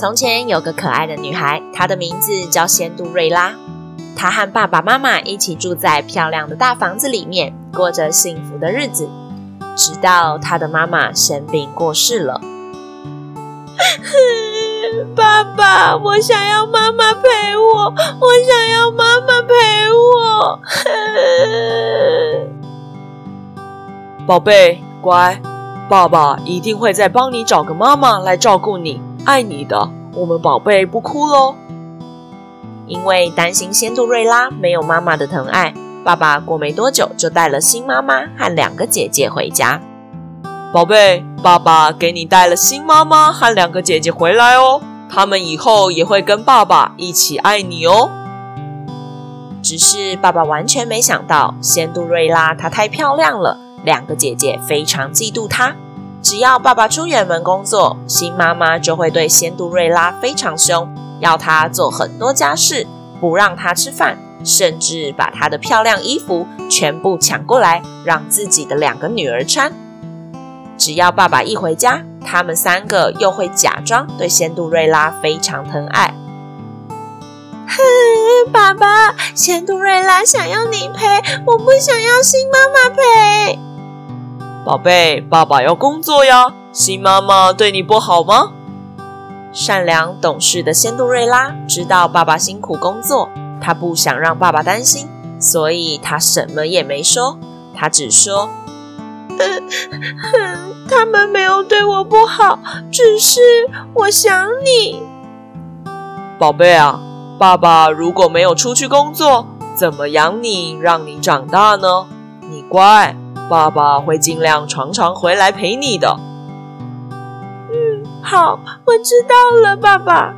從前有個可愛的女孩，她的名字叫仙度瑞拉。她和爸爸媽媽一起住在漂亮的大房子裡面，過着幸福的日子。直到她的媽媽生病過世了，爸爸，我想要媽媽陪我，我想要媽媽陪我。寶 貝，乖，爸爸一定會再幫你找個媽媽來照顧你。愛你的，我們寶貝不哭嘍。因為擔心仙度瑞拉沒有媽媽的疼愛，爸爸過沒多久就帶了新媽媽和兩個姐姐回家。寶貝，爸爸給你帶了新媽媽和兩個姐姐回來哦，他們以後也會跟爸爸一起愛你哦。只是爸爸完全沒想到，仙度瑞拉她太漂亮了，兩個姐姐非常嫉妒她。只要爸爸出遠門工作，新媽媽就會對仙度瑞拉非常兇，要她做很多家事，不讓她吃飯，甚至把她的漂亮衣服全部搶過來讓自己的兩個女兒穿。只要爸爸一回家，他們三個又會假裝對仙度瑞拉非常疼愛。哼，爸爸，仙度瑞拉想要你陪，我不想要新媽媽陪。寶貝，爸爸要工作呀。新媽媽對你不好嗎？善良懂事的仙度瑞拉知道爸爸辛苦工作，她不想讓爸爸擔心，所以她什麼也沒說。她只說：“他們沒有對我不好，只是我想你。”寶貝啊，爸爸如果沒有出去工作，怎麼養你，讓你長大呢？你乖。爸爸會盡量常常回來陪你的。嗯，好，我知道了，爸爸。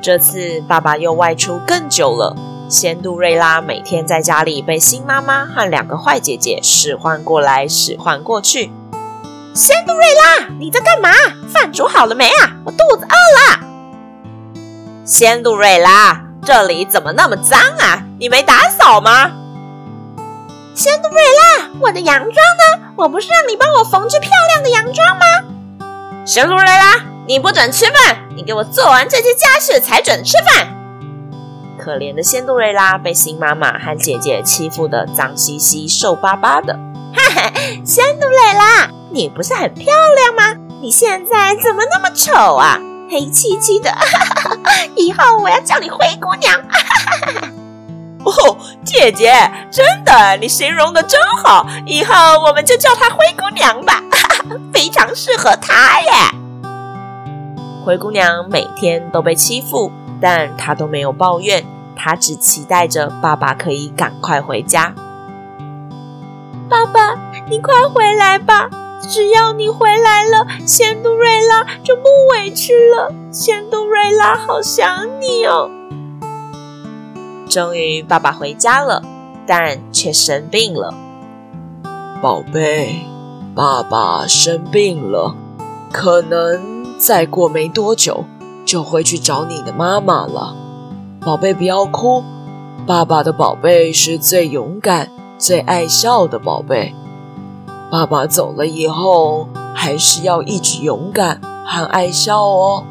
這次爸爸又外出更久了。仙度瑞拉每天在家裡被新媽媽和兩個壞姐姐使喚過來使喚過去。仙度瑞拉，你在幹嘛？飯煮好了沒啊？我肚子餓了。仙度瑞拉，這裡怎麼那麼髒啊？你沒打掃嗎？仙度瑞拉，我的洋裝呢？我不是讓你幫我縫制漂亮的洋裝嗎？仙度瑞拉，你不准吃飯，你給我做完這些家事才准吃飯。可憐的仙度瑞拉被新媽媽和姐姐欺負得髒兮兮、瘦巴巴的。哈哈，仙度瑞拉，你不是很漂亮嗎？你現在怎麼那麼醜啊？黑漆漆的，哈哈哈哈，以後我要叫你灰姑娘。哈哈哈哈。哦，姐姐，真的，你形容的真好，以後我們就叫她灰姑娘吧，哈哈，非常適合她耶。灰姑娘每天都被欺負，但她都沒有抱怨，她只期待着爸爸可以趕快回家。爸爸，你快回來吧，只要你回來了，仙度瑞拉就不委屈了。仙度瑞拉好想你哦。終於，爸爸回家了，但卻生病了。寶貝，爸爸生病了，可能再過沒多久就會去找你的媽媽了。寶貝，不要哭，爸爸的寶貝是最勇敢、最愛笑的寶貝。爸爸走了以後，還是要一直勇敢和愛笑哦。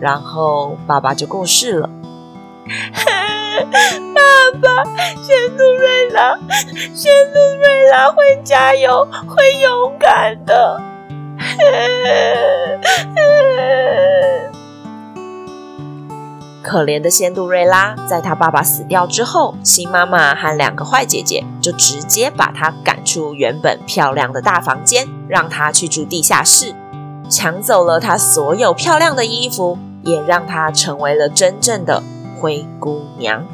然後，爸爸就過世了。 爸爸，仙度瑞拉，仙度瑞拉會加油，會勇敢的。 可憐的仙度瑞拉，在她爸爸死掉之後，新媽媽和兩個壞姐姐就直接把她趕出原本漂亮的大房間，讓她去住地下室，搶走了她所有漂亮的衣服，也讓她成為了真正的。灰姑娘。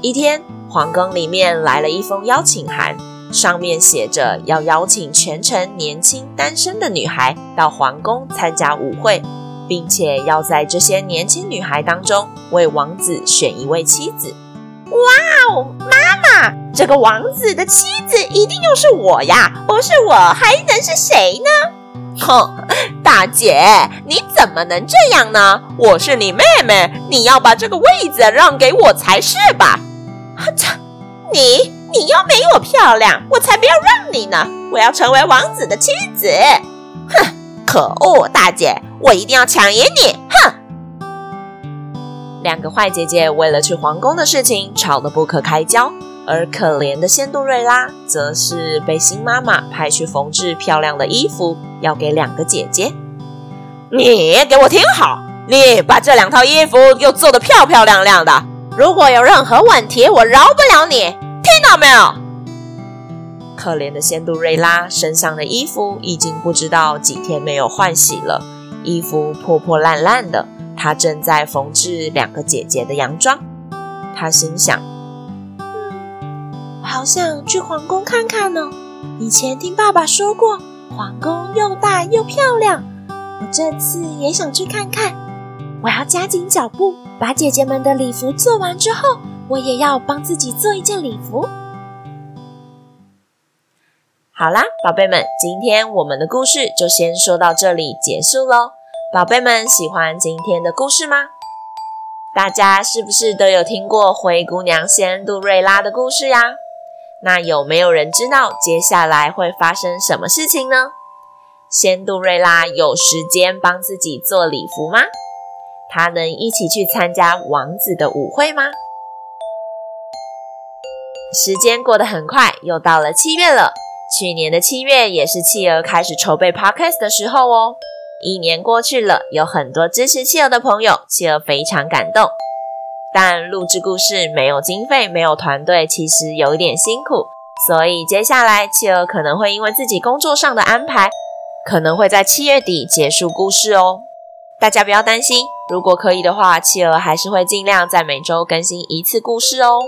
一天皇宮裡面來了一封邀請函，上面寫着要邀請全城年輕單身的女孩到皇宮參加舞會，並且要在這些年輕女孩當中為王子選一位妻子。哇哦，媽媽，這個王子的妻子一定又是我呀！不是我還能是誰呢？哼！大姐，你怎麼能這樣呢？我是你妹妹，你要把這個位子讓給我才是吧？哼， 你你又沒我漂亮，我才不要讓你呢！我要成為王子的妻子。哼， 可惡，大姐，我一定要搶贏你！哼。兩個壞姐姐為了去皇宮的事情吵得不可開交。而可憐的仙度瑞拉則是被新媽媽派去縫制漂亮的衣服，要給兩個姐姐。你給我聽好，你把這兩套衣服給我做得漂漂亮亮的。如果有任何問題，我饒不了你，聽到沒有？可憐的仙度瑞拉身上的衣服已經不知道幾天沒有換洗了，衣服破破爛爛的。她正在縫制兩個姐姐的洋裝，她心想。好想去皇宮看看呢、哦！以前聽爸爸說過，皇宮又大又漂亮，我這次也想去看看。我要加緊腳步，把姐姐們的禮服做完之後，我也要幫自己做一件禮服。好啦，寶貝們，今天我們的故事就先說到這裡結束嘍。寶貝們，喜歡今天的故事嗎？大家是不是都有聽過《灰姑娘》、《仙度瑞拉》的故事呀？那有沒有人知道接下來會發生什麼事情呢？仙度瑞拉有時間幫自己做禮服嗎？她能一起去參加王子的舞會嗎？時間過得很快，又到了七月了。去年的七月也是企鵝開始籌備 Podcast 的時候哦。一年過去了，有很多支持企鵝的朋友，企鵝非常感動。但錄製故事沒有經費，沒有團隊，其實有一點辛苦，所以接下來企鵝可能會因為自己工作上的安排，可能會在七月底結束故事喔。大家不要擔心，如果可以的話，企鵝還是會盡量在每周更新一次故事喔。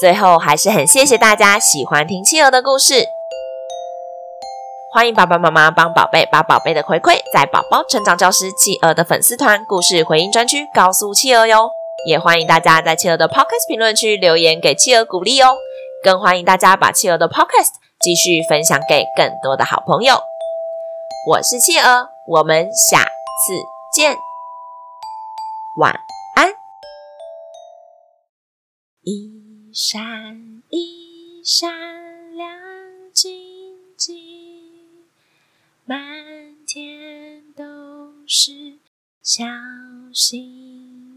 最後還是很謝謝大家喜歡聽企鵝的故事，歡迎爸爸媽媽幫寶貝把寶貝的回饋在寶寶成長教室企鵝的粉絲團故事回應專區告訴企鵝喲。也歡迎大家在企鵝的 Podcast 評論區留言給企鵝鼓勵哦，更歡迎大家把企鵝的 Podcast 繼續分享給更多的好朋友。我是企鵝，我們下次見，晚安。一閃一閃亮晶晶，滿天都是小星星。